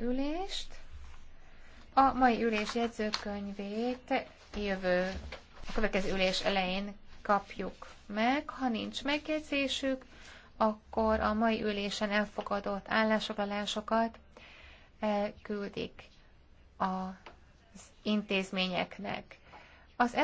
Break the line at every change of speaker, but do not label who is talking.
ülést. A mai ülés jegyzőkönyvét jövő, a következő ülés elején kapjuk meg. Ha nincs megjegyzésük, akkor a mai ülésen elfogadott állásfoglalásokat elküldik az intézményeknek.
Az